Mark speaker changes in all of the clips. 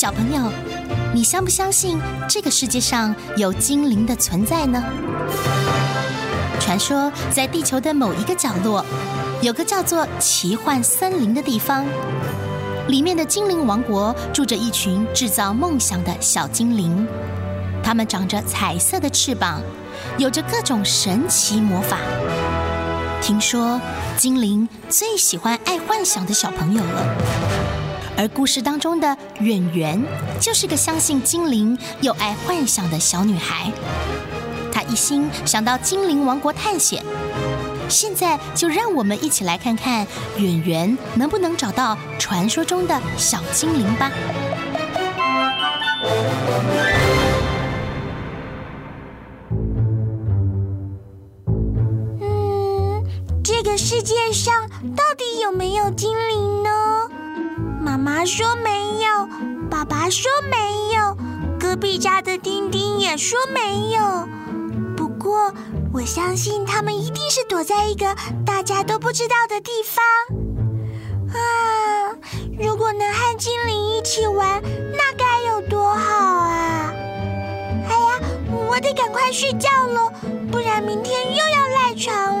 Speaker 1: 小朋友，你相不相信這個世界上有精靈的存在呢？傳說在地球的某一個角落，有個叫做奇幻森林的地方，裡面的精靈王國住着一群制造夢想的小精靈，它們長着彩色的翅膀，有着各種神奇魔法。聽說精靈最喜歡愛幻想的小朋友了。而故事當中的圓圓，就是個相信精靈又愛幻想的小女孩。她一心想到精靈王國探險。現在就讓我們一起來看看圓圓能不能找到傳說中的小精靈吧。嗯，這個世界上到底有沒有精靈呢？媽說沒有，爸爸說沒有，隔壁家的丁丁也說沒有。不過我相信他們一定是躲在一個大家都不知道的地方。啊！如果能和精靈一起玩，那該有多好啊！哎呀，我得趕快睡覺了，不然明天又要賴床。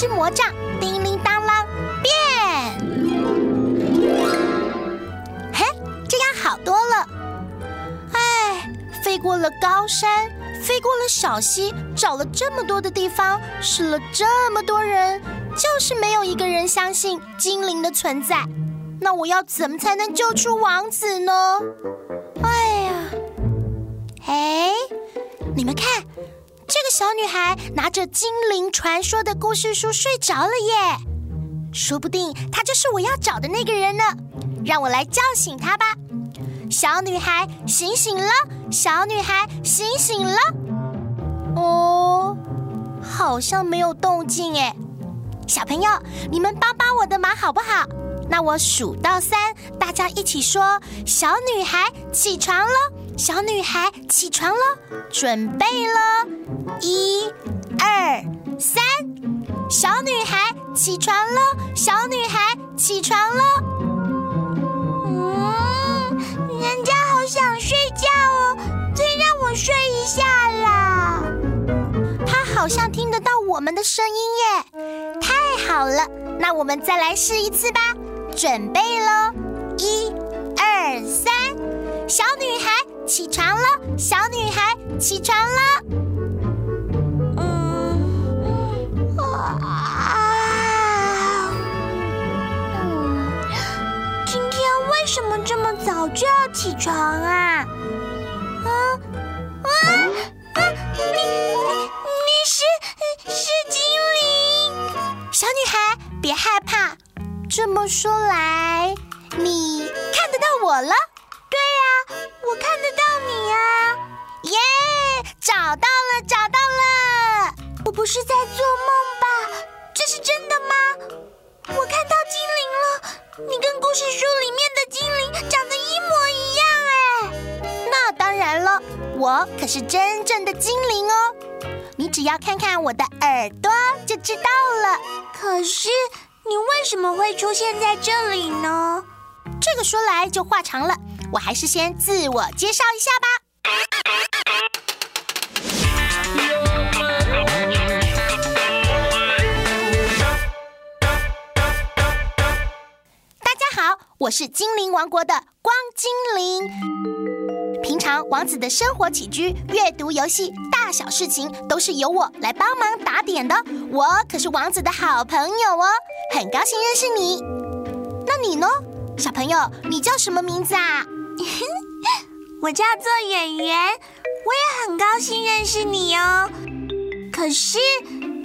Speaker 1: 之魔杖，叮鈴噹啷，變！嘿，這樣好多了。哎，飛過了高山，飛過了小溪，找了這麼多的地方，試了這麼多人，就是沒有一個人相信精靈的存在。那我要怎麼才能救出王子呢？哎呀，嘿，你們看。小女孩拿着《精靈傳說》的故事書睡着了耶，說不定她就是我要找的那個人呢。讓我來叫醒她吧。小女孩醒醒了，小女孩醒醒了。哦，好像沒有動靜誒。小朋友，你們幫幫我的忙好不好？那我數到三，大家一起說：“小女孩起床了，小女孩起床了，準備了。”一、二、三，小女孩起床嘍！小女孩起床嘍！嗯，人家好想睡覺哦，再讓我睡一下啦。她好像聽得到我們的聲音耶，太好了，那我們再來試一次吧。準備嘍，一、二、三，小女孩起床嘍！小女孩起床嘍！為什麼這麼早就要起床啊？啊啊啊！你你，你是是精靈？小女孩，別害怕。這麼說來，你看得到我了？對呀、啊，我看得到你呀、啊！耶、yeah！找到了，找到了！我不是在做夢吧？這是真的嗎？我看到精靈了。你跟故事說。我可是真正的精靈哦，你只要看看我的耳朵就知道了。可是你為什麼會出現在這裡呢？這個說來就話長了，我還是先自我介紹一下吧。 大家好，我是精靈王國的光精靈。平常王子的生活起居、閱讀、遊戲、大小事情，都是由我來幫忙打點的。我可是王子的好朋友哦，很高興認識你。那你呢？小朋友，你叫什麼名字啊？ 我叫做圓圓，我也很高興認識你哦。可是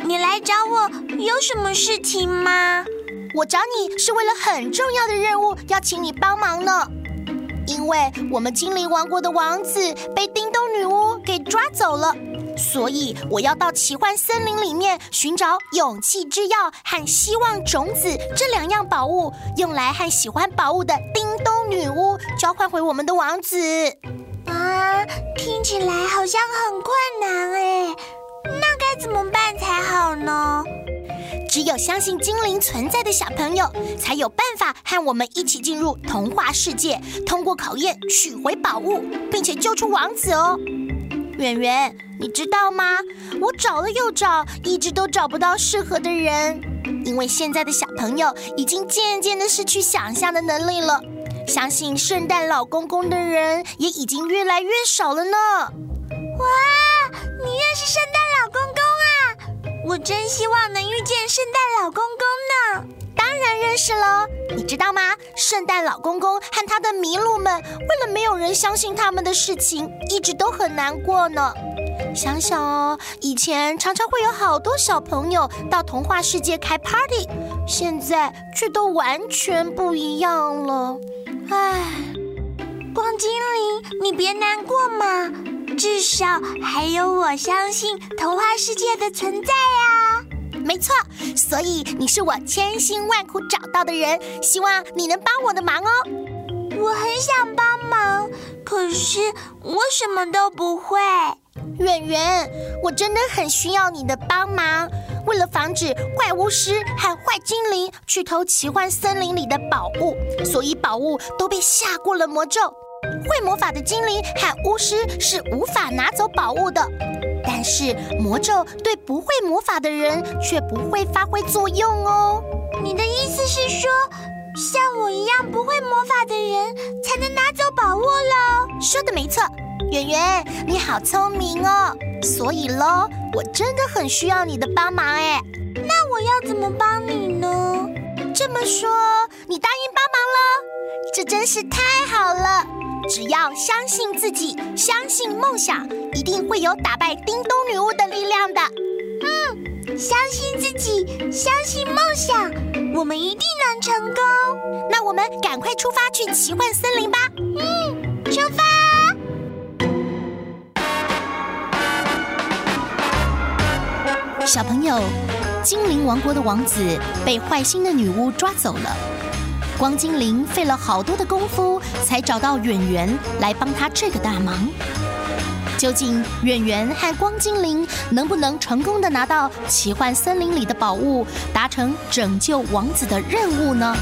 Speaker 1: 你來找我有什麼事情嗎？我找你是為了很重要的任務，要請你幫忙呢。因為我們精靈王國的王子被叮咚女巫給抓走了，所以我要到奇幻森林裡面尋找勇氣之藥和希望種子這兩樣寶物，用來和喜歡寶物的叮咚女巫交換回我們的王子。啊，聽起來好像很困難哎，那該怎麼辦才好呢？只有相信精靈存在的小朋友，才有辦法和我們一起進入童話世界，通過考驗取回寶物，並且救出王子哦。圓圓，你知道嗎？我找了又找，一直都找不到適合的人，因為現在的小朋友已經漸漸的失去想象的能力了。相信聖誕老公公的人也已經越來越少了呢。哇，你認識聖誕？我真希望能遇見聖誕老公公呢！當然認識囉，你知道嗎？聖誕老公公和他的麋鹿們，為了沒有人相信他們的事情，一直都很難過呢。想想哦，以前常常會有好多小朋友到童話世界開 party，現在卻都完全不一樣了。唉，光精靈，你別難過嘛。至少還有我相信童話世界的存在呀。沒錯，所以你是我千辛萬苦找到的人，希望你能幫我的忙哦。我很想幫忙，可是我什麼都不會。圓圓，我真的很需要你的幫忙。為了防止壞巫師和壞精靈去偷奇幻森林裡的寶物，所以寶物都被下過了魔咒。會魔法的精靈和巫師是無法拿走寶物的，但是魔咒對不會魔法的人卻不會發揮作用哦。你的意思是說，像我一樣不會魔法的人才能拿走寶物嘍？說的沒錯，圓圓，你好聰明哦。所以嘍，我真的很需要你的幫忙誒。那我要怎麼幫你呢？這麼說，你答應幫忙了？這真是太好了。只要相信自己，相信夢想，一定會有打敗叮咚女巫的力量的。嗯，相信自己，相信夢想，我們一定能成功。那我們趕快出發去奇幻森林吧。嗯，出發。小朋友，精靈王國的王子被壞心的女巫抓走了。光精靈費了好多的功夫，才找到圓圓來幫他這個大忙。究竟圓圓和光精靈能不能成功的拿到奇幻森林裡的寶物，達成拯救王子的任務呢？